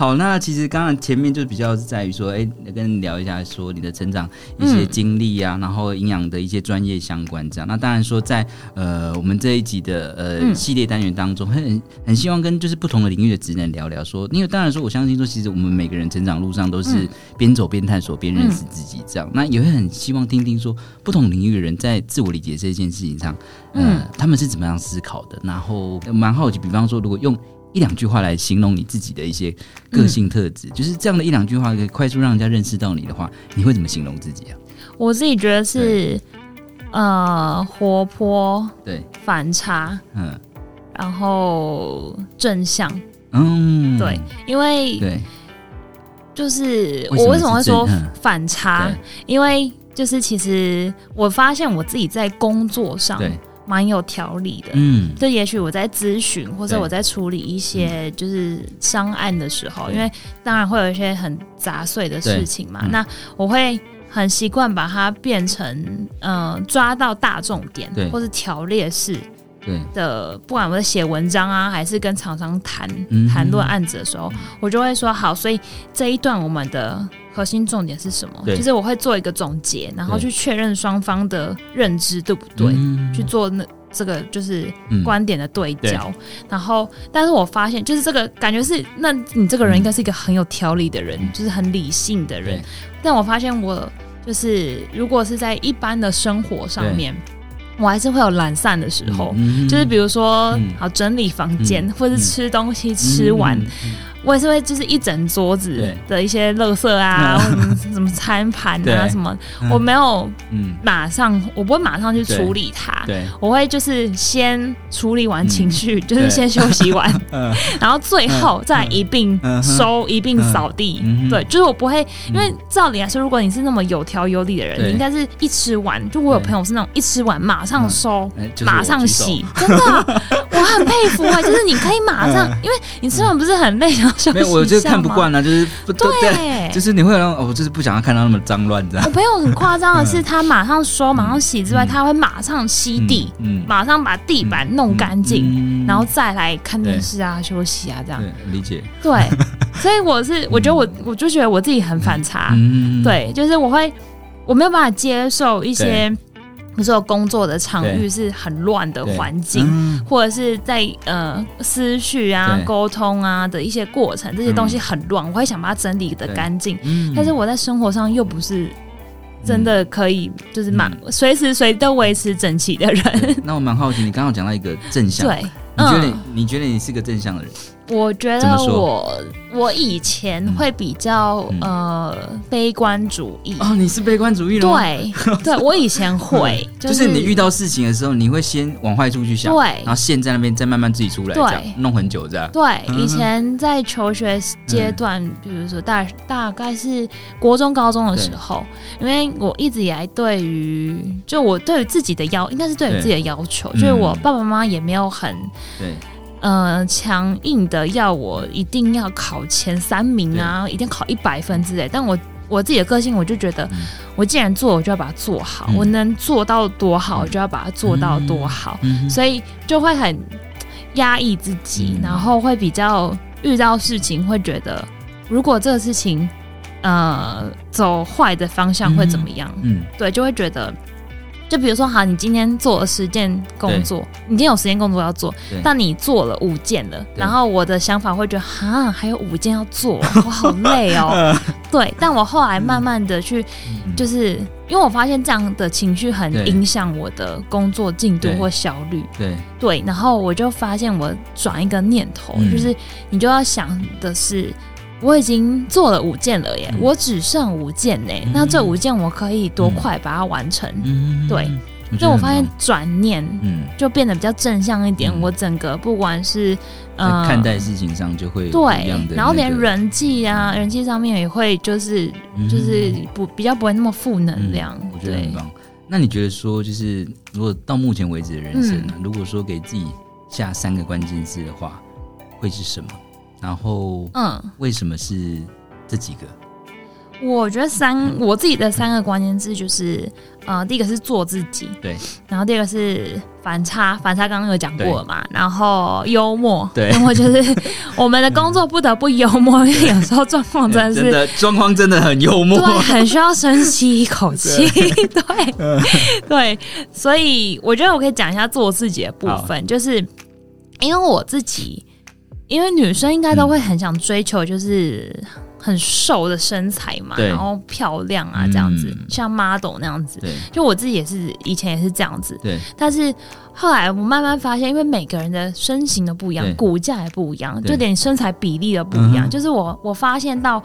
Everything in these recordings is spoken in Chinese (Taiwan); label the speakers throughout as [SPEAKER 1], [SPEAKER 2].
[SPEAKER 1] 好，那其實剛剛前面就比較是在於說，哎、欸，跟你聊一下說你的成長一些經歷啊，嗯、然後營養的一些專業相關這樣。那當然說在，在呃我們這一集的呃、嗯、系列單元當中，很很希望跟就是不同的領域的職人聊聊說，因為當然說我相信說，其實我們每個人成長路上都是邊走邊探索邊、嗯、認識自己這樣。那也會很希望聽聽說不同領域的人在自我理解這件事情上，呃、嗯，他們是怎麼樣思考的？然後蠻好奇，比方說如果用。一兩句話來形容你自己的一些個性特質，嗯、就是這樣的一兩句話可以快速讓人家認識到你的話，你會怎麼形容自己啊？
[SPEAKER 2] 我自己覺得是呃活潑，對，呃、對反
[SPEAKER 1] 差，
[SPEAKER 2] 嗯，然後正向，嗯，
[SPEAKER 1] 對，因為對，
[SPEAKER 2] 就是我為什麼會說反差？因為就是其實我發現我自己在工作上。對蠻有條理的，嗯，這也許我在諮詢或者我在處理一些就是商案的時候，對因為當然會有一些很雜碎的事情嘛，嗯、那我會很習慣把它變成，嗯、呃，抓到大重點，對，或是條列式。對的，不管我在寫文章啊，還是跟廠商談談論案子的時候，嗯、我就會說好，所以這一段我們的核心重點是什麼？其實對就是我會做一個總結，然後去確認雙方的認知對不對，對去做，那這個就是觀點的對焦。嗯、然後，但是我發現，就是這個感覺是，那你這個人應該是一個很有條理的人，嗯、就是很理性的人。對但我發現，我就是如果是在一般的生活上面。我還是會有懶散的時候，嗯嗯嗯就是比如說，嗯、好整理房間，嗯、或是吃東西吃完。嗯嗯嗯嗯嗯嗯我也是會，就是一整桌子的一些垃圾啊，或者什麼餐盤啊，什麼我沒有，嗯，馬上我不會馬上去處理它，對，我會就是先處理完情緒，就是先休息完，然後最後再一併收一併掃地，對，就是我不會，因為照理來說，如果你是那麼有條有理的人，你應該是一吃完，就我有朋友是那種一吃完馬上收，馬上洗，真的。很佩服啊！就是你可以馬上，因為你吃飯不是很累，然後沒有，我就看不慣啊，
[SPEAKER 1] 就是不對，就是你會讓我，就是不想要看到那麼髒亂這樣。我
[SPEAKER 2] 朋友很誇張的是，他馬上說馬上洗之外，他會馬上吸地，嗯，馬上把地板弄乾淨，然後再來看電視啊，休息啊這樣。對，理解。對，所以我是我覺得我我就覺得我自己很反差，對，就是我會我沒有辦法接受一些。有時候工作的場域是很亂的環境，嗯、或者是在呃思緒啊、溝對通啊的一些過程，這些東西很亂，對我會想把它整理的乾淨。嗯、但是我在生活上又不是真的可以，就是蠻隨、嗯嗯、時隨地都維持整齊的人。
[SPEAKER 1] 那我蠻好奇，你剛剛講到一個正向，對嗯、你覺得你覺得你是個正向的人？我覺得我
[SPEAKER 2] 我以前會比較呃悲觀主義哦，你是悲觀主義嗎？對對，我以前會就是你遇
[SPEAKER 1] 到事情的時候，你會先往壞處去想，對，然後陷在那邊再慢慢自己出來，對，弄很久這樣。對，以前
[SPEAKER 2] 在求學階段，比如說大大概是國中高中的時候，因為我一直以來對於就我對於自己的要求，應該是對於自己的要求，就是我爸爸媽媽也沒有很對。呃，強硬的要我一定要考前三名啊，對一定考一百分之類。但我我自己的個性，我就覺得，嗯、我既然做，我就要把它做好，嗯、我能做到多好，我就要把它做到多好。嗯嗯嗯、所以就會很壓抑自己，嗯、然後會比較遇到事情會覺得，如果這個事情呃走壞的方向會怎麼樣？嗯，嗯嗯對，就會覺得。就比如說，好，你今天做了十件工作，對你今天有十件工作要做，對但你做了五件了，對然後我的想法會覺得，哈，還有五件要做，我好累哦。 對，但我後來慢慢的去，嗯嗯、就是因為我發現這樣的情緒很影響我的工作進度或效率。對對，對，然後我就發現我轉一個念頭，嗯、就是你就要想的是。我已經做了五件了耶，我只剩五件呢。那這五件我可以多快把它完成？對，就我發現轉念，就變得比較正向一點。我整個不管是呃看待
[SPEAKER 1] 事情上就會對，然後連
[SPEAKER 2] 人際啊、人際上面也會就是就是不比較不會那麼負能量。
[SPEAKER 1] 我覺得很棒。那你覺得說，就是如果到目前為止的人生，如果說給自己下三個關鍵字的話，會是什麼？然後，嗯，為什麼是這幾個、嗯？
[SPEAKER 2] 我覺得三，我自己的三個關鍵字就是，嗯、呃，第一個是做自己，對，然後第二個是反差，反差剛剛，剛有講過了嘛，對然後幽默，幽默對就是我們的工作不得不幽默，對因為有時候狀況真的是，嗯，真
[SPEAKER 1] 的，狀況真的很幽默，對，很需
[SPEAKER 2] 要深吸一口氣，對，對，對，對，所以我覺得我可以講一下做自己的部分，好就是因為我自己。因為女生應該都會很想追求，就是很瘦的身材嘛，對然後漂亮啊這樣子，嗯、像 model 那樣子。對就我自己也是，以前也是這樣子。對，但是後來我慢慢發現，因為每個人的身形都不一樣，對骨架也不一樣，對就連身材比例都不一樣。對就是我，我發現到，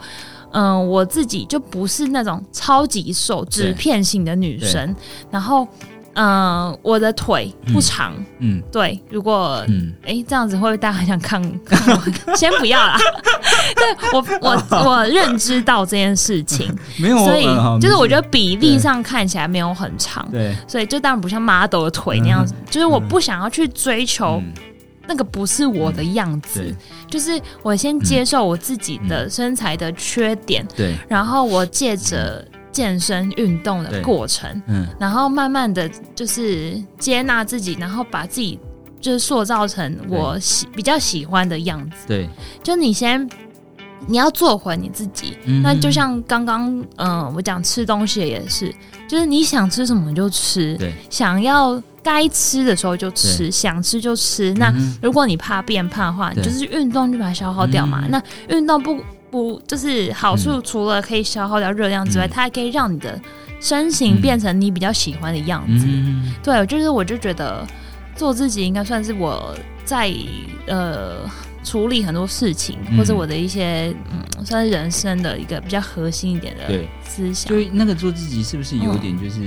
[SPEAKER 2] 嗯、呃，我自己就不是那種超級瘦、紙片型的女生，然後。嗯，我的腿不長。嗯，對，如果，哎，這樣子會不會大家很想看看我？先不要啦。對我，我，我認知到這件事情，沒有，所以就是我覺得比例上看起來沒有很長。對，所以就當然不像 model 的腿那樣子，就是我不想要去追求那個不是我的樣子，就是我先接受我自己的身材的缺點。對，然後我借着。健身運動的過程，嗯、然後慢慢的就是接納自己，然後把自己就是塑造成我喜對比較喜歡的樣子。對，就你先你要做回你自己。嗯、哼那就像剛剛嗯，我講吃東西也是，就是你想吃什麼就吃，對想要該吃的時候就吃，對想吃就吃。嗯、哼那如果你怕變胖的話，對就是運動就把它消耗掉嘛。嗯、哼那運動不。不，就是好處除了可以消耗掉熱量之外，嗯、它還可以讓你的身形變成你比較喜歡的樣子。嗯嗯、對，就是我就覺得做自己應該算是我在呃處理很多事情，嗯、或者我的一些、嗯、算是人生的一個比較核心一點的對
[SPEAKER 1] 思想。所以那個做自己是不是有點就是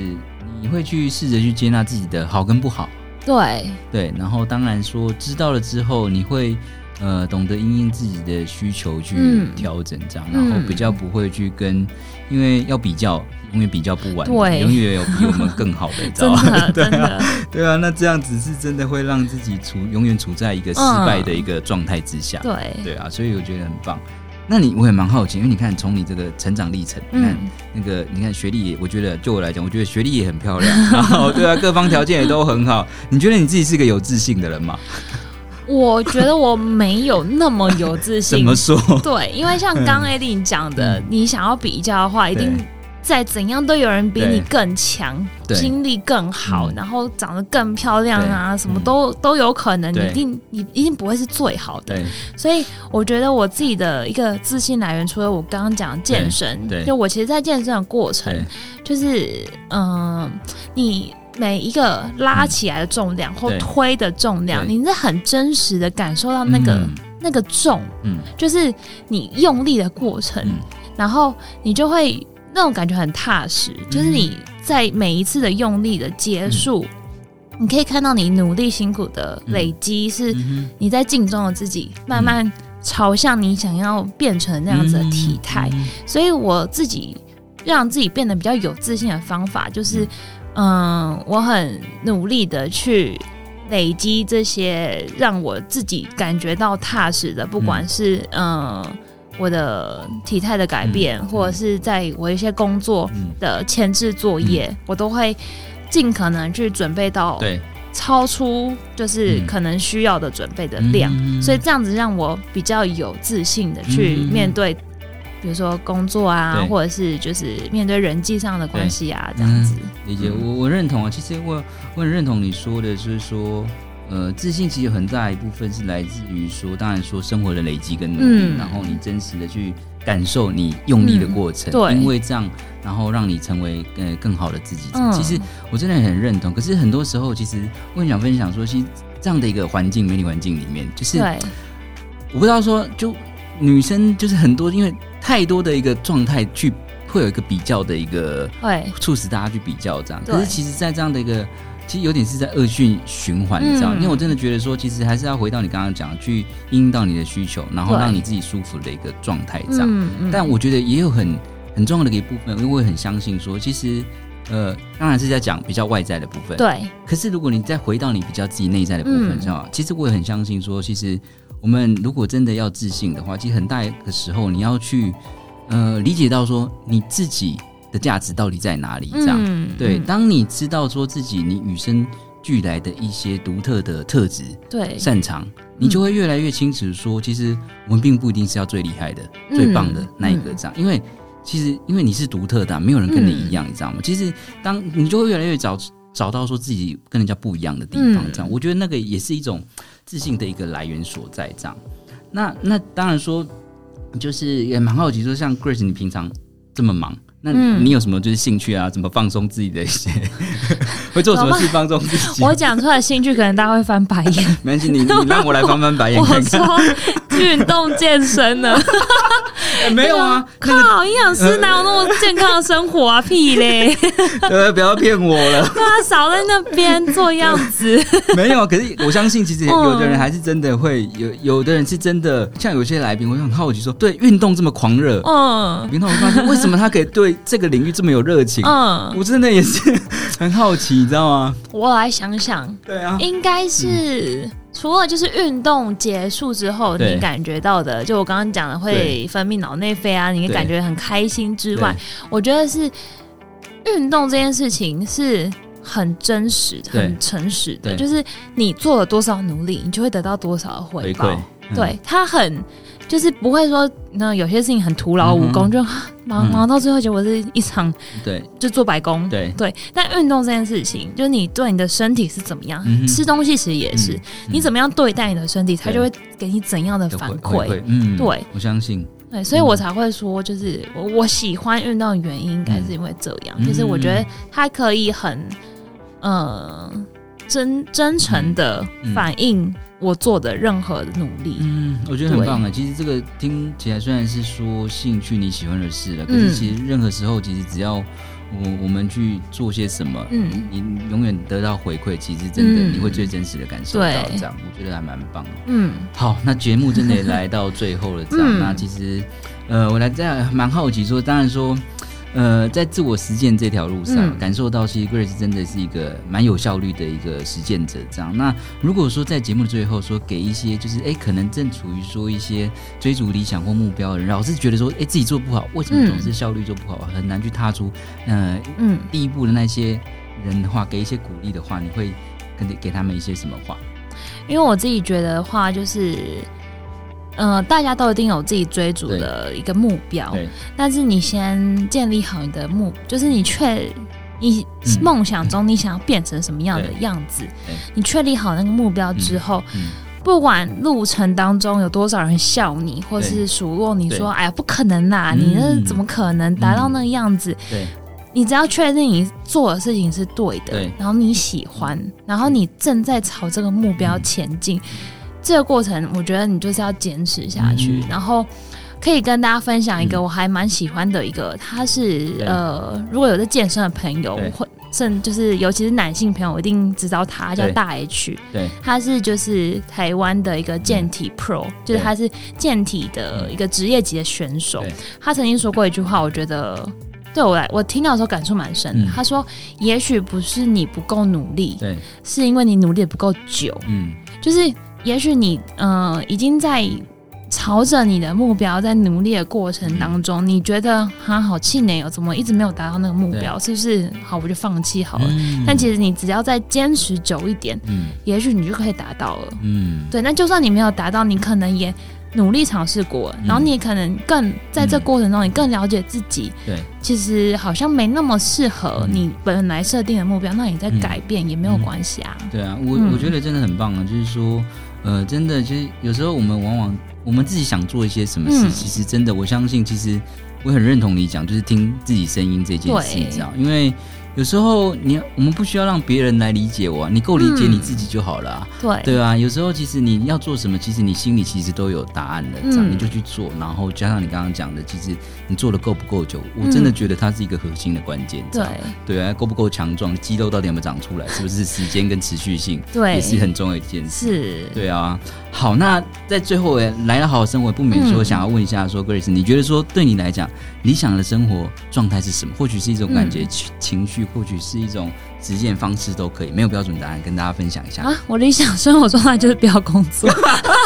[SPEAKER 1] 你會去試着去接納自己的好跟不好？對對，然後當然說知道了之後你會。呃，懂得因應自己的需求去調整，這樣，嗯、然後比較不會去跟，嗯、因為要比較，永遠比較不完，對，永遠有比我們更好 的，知道嗎？對啊，真的，對啊，那這樣子是真的會讓自己處永遠處在一個失敗的一個狀態之下，對、嗯，對啊，所以我覺得很棒。那你我也蠻好奇，因為你看從你這個成長歷程，嗯你看，那個你看學歷，我覺得就我來講，我覺得學歷也很漂亮，然後對啊， 各方條件也都很好。你覺得你自己是個有自信的人嗎？
[SPEAKER 2] 我覺得我沒有那麼有自信。怎麼說？對，因為像剛艾琳講的，你想要比較的話，一定再怎樣都有人比你更強，經歷更好，然後長得更漂亮啊，什麼都都有可能。你一定，你一定不會是最好的。所以，我覺得我自己的一個自信來源，除了我剛剛講健身，就我其實，在健身的過程，就是嗯，你。每一個拉起來的重量或、嗯、推的重量，你是很真實的感受到那個、嗯、那個重，嗯、就是你用力的過程，嗯、然後你就會那種感覺很踏實，嗯、就是你在每一次的用力的結束，嗯、你可以看到你努力辛苦的累積，是你在鏡中的自己、嗯、慢慢朝向你想要變成那樣子的體態。嗯嗯嗯嗯嗯、所以我自己讓自己變得比較有自信的方法就是。嗯，我很努力的去累積這些讓我自己感覺到踏實的，不管是嗯，嗯我的體態的改變，嗯嗯、或者是在我一些工作的前置作業，嗯嗯、我都會盡可能去準備到對超出就是可能需要的準備的量，嗯嗯、所以這樣子讓我比較有自信的去面對。比如說工作啊，對或者是就是面對人際上的關係啊，對這樣子。理解、嗯、我，
[SPEAKER 1] 我認同啊。其實我我很認同你說的，就是說，呃，自信其實很大一部分是來自於說，當然說生活的累積跟努力，嗯、然後你真實的去感受你用力的過程，嗯、對，因為這樣，然後讓你成為呃更，更好的自己。這嗯、其實我真的很認同。可是很多時候，其實我很想分享說，其實這樣的一個環境，美女環境裡面，就是對我不知道說就。女生就是很多，因為太多的一個狀態去會有一個比較的一個，對促使大家去比較這樣。可是其實，在這樣的一個，其實有點是在惡性循環，你知道？嗯、因為我真的覺得說，其實還是要回到你剛剛講，去應應到你的需求，然後讓你自己舒服的一個狀態，這樣。對但我覺得也有很很重要的一個部分，因為我也很相信說，其實呃，當然是在講比較外在的部分，對。可是如果你再回到你比較自己內在的部分，嗯、是吧？其實我也很相信說，其實。我們如果真的要自信的話，其實很大的時候你要去，呃，理解到說你自己的價值到底在哪裡，嗯、這樣。對，當你知道說自己你與生俱來的一些獨特的特質，對，擅長，你就會越來越清楚說，嗯、其實我們並不一定是要最厲害的、嗯、最棒的那一個，嗯、這樣。因為其實因為你是獨特的、啊，沒有人跟你一樣，嗯、你知道嗎？其實當你就會越來越找，找到說自己跟人家不一樣的地方，這樣我覺得那個也是一種自信的一個來源所在。這樣那，那那當然說，就是也蠻好奇，說像 Grace 你平常這麼忙，那你有什麼就是興趣啊？怎麼放鬆自己的一些？嗯、會做什麼事放鬆自己？
[SPEAKER 2] 我講出來興趣，可能大家會翻白眼。 沒
[SPEAKER 1] 關係，你你讓我來翻翻白眼看看我，我做。
[SPEAKER 2] 運動健身呢？沒有啊！靠，營養師哪有那麼健康的生活啊？屁嘞！
[SPEAKER 1] 不要騙我了！
[SPEAKER 2] 對啊，少在那邊做樣
[SPEAKER 1] 子。沒有啊，可是我相信，其實有的人還是真的會有，有的人是真的，像有些來賓，我很好奇，說對運動這麼狂熱，嗯，然後我發現為什麼他可以對這個領域這麼有熱情？嗯，我真的也是很好奇，你知道嗎？
[SPEAKER 2] 我來想想，對啊，應該是。除了就是運動結束之後，對你感覺到的，就我剛剛講的會分泌腦內啡啊，對你感覺很開心之外，對我覺得是運動這件事情是很真實、對很誠實的，對就是你做了多少努力，你就會得到多少回報，回饋、嗯、對它很。就是不會說，那有些事情很徒勞無功，嗯、哼就忙、嗯、忙到最後，結果是一場對，就做白工，對對。但運動這件事情，就你對你的身體是怎麼樣，嗯、哼吃東西其實也是，嗯嗯、你怎麼樣對待你的身體，他就會給你怎樣的反饋。嗯，對，我相信。對，所以我才會說，就是我我喜歡運動的原因，應該是因為這樣，嗯、就是我覺得它可以很，嗯、呃。真真誠的反映我做的任何努力，嗯,嗯，我覺得很棒
[SPEAKER 1] 啊。對其實這個聽起來雖然是說興趣你喜歡的事了，嗯、可是其實任何時候，其實只要我我們去做些什麼，嗯，你永遠得到回饋，其實真的你會最真實的感受到這樣，嗯、我覺得還蠻棒的。嗯，好，那節目真的也來到最後了這樣， 嗯、那其實呃，我來這樣蠻好奇說，當然說。呃，在自我實踐這條路上，嗯、感受到其實 Grace 真的是一個蠻有效率的一個實踐者。這樣，那如果說在節目的最後，說給一些就是哎，可能正處於說一些追逐理想或目標的人，老是覺得說哎自己做不好，為什麼總是效率做不好，嗯、很難去踏出、呃、嗯，第一步的那些人的話，給一些鼓勵的話，你會給給他們一些什麼話？
[SPEAKER 2] 因為我自己覺得的話，就是。嗯、呃，大家都一定有自己追逐的一個目標，但是你先建立好你的目，就是你確你、嗯、夢想中你想要變成什麼樣的樣子，嗯、你確立好那個目標之後，嗯嗯、不管路程當中有多少人笑你或是數落你說，哎呀不可能啦、啊！嗯、你那怎麼可能達到那個樣子？嗯嗯、對你只要確定你做的事情是對的，對然後你喜歡，然後你正在朝這個目標前進。嗯嗯這個過程，我覺得你就是要堅持下去。然後可以跟大家分享一個我還蠻喜歡的一個，他是呃，如果有在健身的朋友或甚，就是尤其是男性朋友我一定知道他叫大 H。對，他是就是台灣的一個健體 Pro，就是他是健體的一個職業級的選手。他曾經說過一句話，我覺得對我來我聽到的時候感觸蠻深的。他說：“也許不是你不夠努力，對，是因為你努力的不夠久。”嗯，就是。也許你，嗯、呃，已經在朝着你的目標在努力的過程當中，嗯、你覺得哈、啊、好氣餒哦，怎麼一直沒有達到那個目標？對是不是？好，我就放棄好了。嗯、但其實你只要再堅持久一點，嗯、也許你就可以達到了。嗯，對。那就算你沒有達到，你可能也。努力嘗試過，然後你可能更在這過程中，你更了解自己。嗯嗯、對，其實好像沒那麼適合你本來設定的目標，嗯、那你在改變也沒有關係啊。嗯嗯、
[SPEAKER 1] 對啊，我、嗯、我覺得真的很棒啊，就是說，呃，真的，其實有時候我們往往我們自己想做一些什麼事，嗯、其實真的，我相信，其實我很認同你講，就是聽自己聲音這件事啊對，因為。有時候你我們不需要讓別人來理解我、啊，你夠理解你自己就好了、啊嗯。對對啊，有時候其實你要做什麼，其實你心裡其實都有答案的、嗯，你就去做。然後加上你剛剛講的，其實你做的夠不夠久，我真的覺得它是一個核心的關鍵。嗯、樣對對啊，夠不夠強壯，肌肉到底有沒有長出來，是不是時間跟持續性， 對，也是很重要的一件事。是，對啊。好，那在最後哎、來了好的生活，不免說、嗯、我想要問一下說，說 Grace，你覺得說對你來講，理想的生活狀態是什麼？或許是一種感覺，嗯、情緒。或許是一種實踐方式都可以，沒有標準答案，跟大家分享一下
[SPEAKER 2] 啊！我理想生活狀態就是不
[SPEAKER 1] 要工作。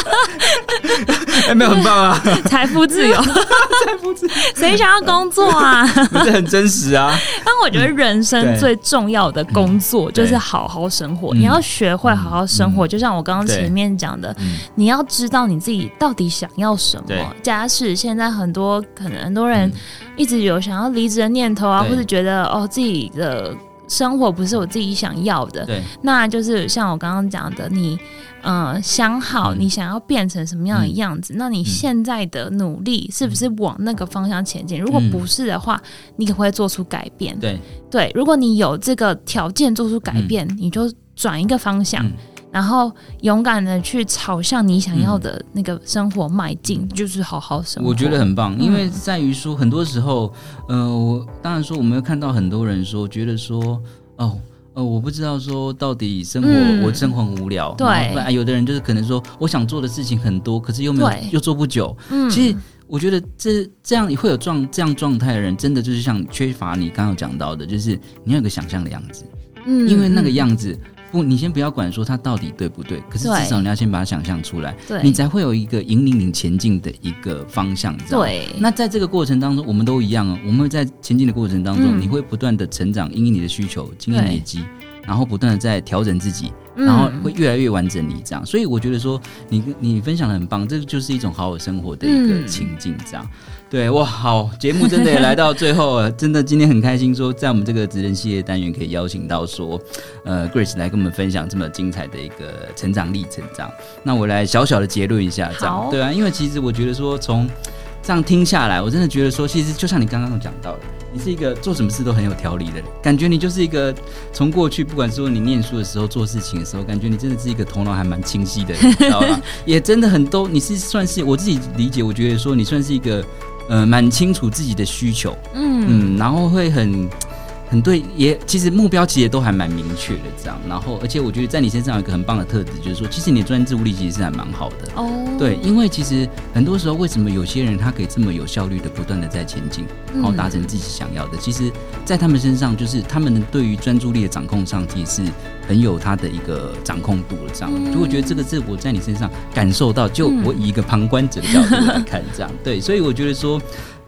[SPEAKER 1] 哎、 欸，沒有很棒啊！財 富自由，財
[SPEAKER 2] 富自由，誰想要工作啊？這
[SPEAKER 1] 很真實啊。
[SPEAKER 2] 但我覺得人生最重要的工作就是好好生活。你、嗯、要學會好好生活，嗯、就像我剛剛前面講的，對你要知道你自己到底想要什麼。假使對現在很多可能很多人一直有想要離職的念頭啊，對或是覺得哦自己的。生活不是我自己想要的，對那就是像我剛剛講的，你，嗯、呃，想好、嗯、你想要變成什麼樣的樣子，嗯、那你現在的努力是不是往那個方向前進？如果不是的話，嗯、你可不可以做出改變，對，對。如果你有這個條件做出改變，嗯、你就轉一個方向。嗯然後勇敢的去朝向你想要的那個生活邁進，嗯、就是好好生活，我覺得很棒。因為
[SPEAKER 1] 在於說，很多時候，嗯、呃，我當然說，我們會看到很多人說，覺得說，哦，呃、哦，我不知道說到底生活、嗯、我生活無聊，對、哎，有的人就是可能說，我想做的事情很多，可是又沒有對又做不久。嗯，其實我覺得這這樣會有狀這樣狀態的人，真的就是像缺乏你剛剛講到的，就是你要有個想象的樣子，嗯，因為那個樣子。不，你先不要管說它到底對不對，可是至少你要先把它想象出來，對你才會有一個引領你前進的一個方向。對，那在這個過程當中，我們都一樣啊、哦，我們在前進的過程當中，嗯、你會不斷的成長，因為你的需求經驗累積。然後不斷的在調整自己，嗯、然後會越來越完整。你這樣，所以我覺得說你你分享的很棒，這就是一種好好生活的一個情境。這樣，嗯、對，哇，好，節目真的也來到最後了， 真的今天很開心，說在我們這個職人系列單元可以邀請到說呃 Grace 來跟我們分享這麼精彩的一個成長歷程這樣。那我來小小的結論一下，這樣好對啊，因為其實我覺得說從。這樣聽下來，我真的覺得說，其實就像你剛剛講到的，你是一個做什麼事都很有條理的人，感覺你就是一個從過去，不管說你念書的時候做事情的時候，感覺你真的是一個頭腦還蠻清晰的人， 知道嗎？也真的很多，你是算是我自己理解，我覺得說你算是一個，呃，蠻清楚自己的需求，嗯，嗯，然後會很。對，也其實目標其實都還蠻明確的，這樣。然後，而且我覺得在你身上有一個很棒的特質，就是說，其實你的專注力其實是還蠻好的哦。Oh. 對，因為其實很多時候，為什麼有些人他可以這麼有效率的不斷的在前進，然後達成自己想要的？嗯、其實，在他們身上，就是他們對於專注力的掌控上，其實是很有他的一個掌控度的。這樣，所以、嗯、我覺得這個是，我在你身上感受到，就我以一個旁觀者的角度來看，這樣、嗯、 對，所以我覺得說。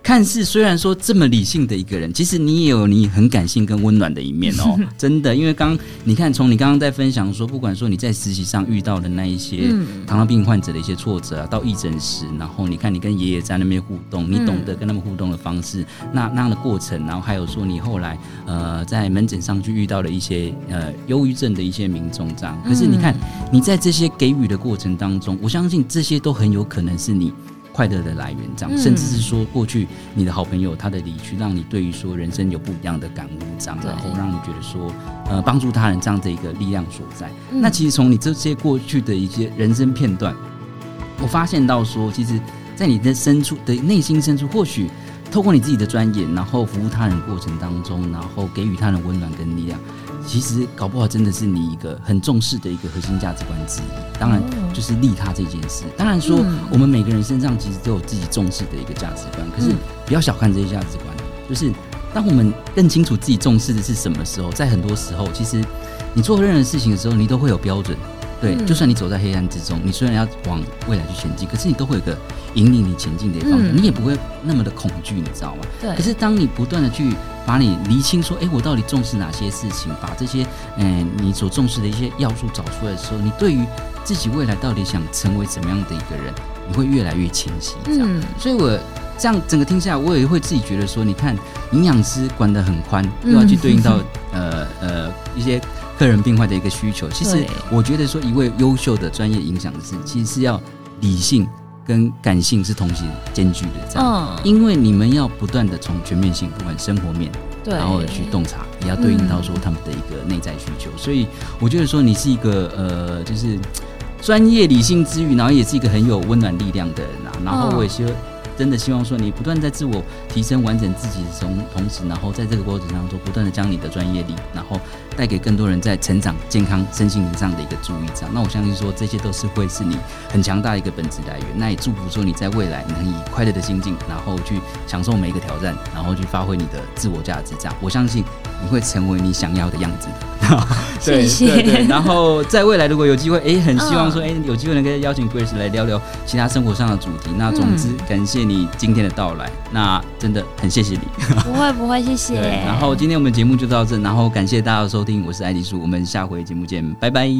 [SPEAKER 1] 看似雖然說這麼理性的一個人，其實你也有你很感性跟溫暖的一面哦、喔，是 真的。因為剛你看，從你剛剛在分享說，不管說你在實習上遇到的那一些糖尿病患者的一些挫折啊，到義診時，然後你看你跟爺爺在那邊互動，你懂得跟他們互動的方式，嗯、那那樣的過程，然後還有說你後來呃在門診上去遇到了一些呃憂鬱症的一些民眾這樣。可是你看你在這些給予的過程當中，我相信這些都很有可能是你。快樂的來源，這樣甚至是說過去你的好朋友他的離去，讓你對於說人生有不一樣的感悟，這樣對然後讓你覺得說，呃，幫助他人這樣的一個力量所在。嗯、那其實從你這些過去的一些人生片段，我發現到說，其實，在你的深處的內心深處，或許透過你自己的專業，然後服務他人的過程當中，然後給予他人溫暖跟力量。其實搞不好真的是你一個很重視的一個核心價值觀之一，當然就是利他這件事。當然說我們每個人身上其實都有自己重視的一個價值觀，可是不要小看這些價值觀。就是當我們認清楚自己重視的是什麼時候，在很多時候，其實你做任何事情的時候，你都會有標準。對，就算你走在黑暗之中，你雖然要往未來去前進，可是你都會有一個引領你前進的一方，你也不會那麼的恐懼，你知道嗎？對。可是當你不斷的去。把你釐清，說，誒、欸、我到底重視哪些事情？把這些，嗯、呃，你所重視的一些要素找出來的時候，你對於自己未來到底想成為什麼樣的一個人，你會越來越清晰這樣。嗯，所以我這樣整個聽下來，我也會自己覺得說，你看，營養師管得很寬，又要去對應到、嗯、呃呃一些個人病患的一個需求。其實我覺得說，一位優秀的專業營養師，其實是要理性。跟感性是同時兼具的，嗯、哦，因為你們要不斷的從全面性，不管生活面，對，然後去洞察，也要對應到說他們的一個內在需求，嗯、所以我覺得說，你是一個呃，就是專業理性之餘，然後也是一個很有溫暖力量的人啊，然後，然後我也希望真的希望說，你不斷在自我提升、完整自己從同時，然後在這個過程當中，不斷的將你的專業力，然後。帶給更多人在成長、健康、身心靈上的一個注意，這樣。那我相信說，這些都是會是你很強大的一個本質來源。那也祝福說，你在未來你能以快樂的心境，然後去享受每一個挑戰，然後去發揮你的自我價值。這樣，我相信你會成為你想要的樣子的。謝 謝。然後在未來，如果有機會，哎、欸，很希望說，哎、欸，有機會能跟邀請 Grace 來聊聊其他生活上的主題。那總之，感謝你今天的到來，那真的很謝謝你。不
[SPEAKER 2] 會不會，謝謝。然後
[SPEAKER 1] 今天我們節目就到這，然後感謝大家收。我是艾迪蘇，我們下回節目見，拜拜。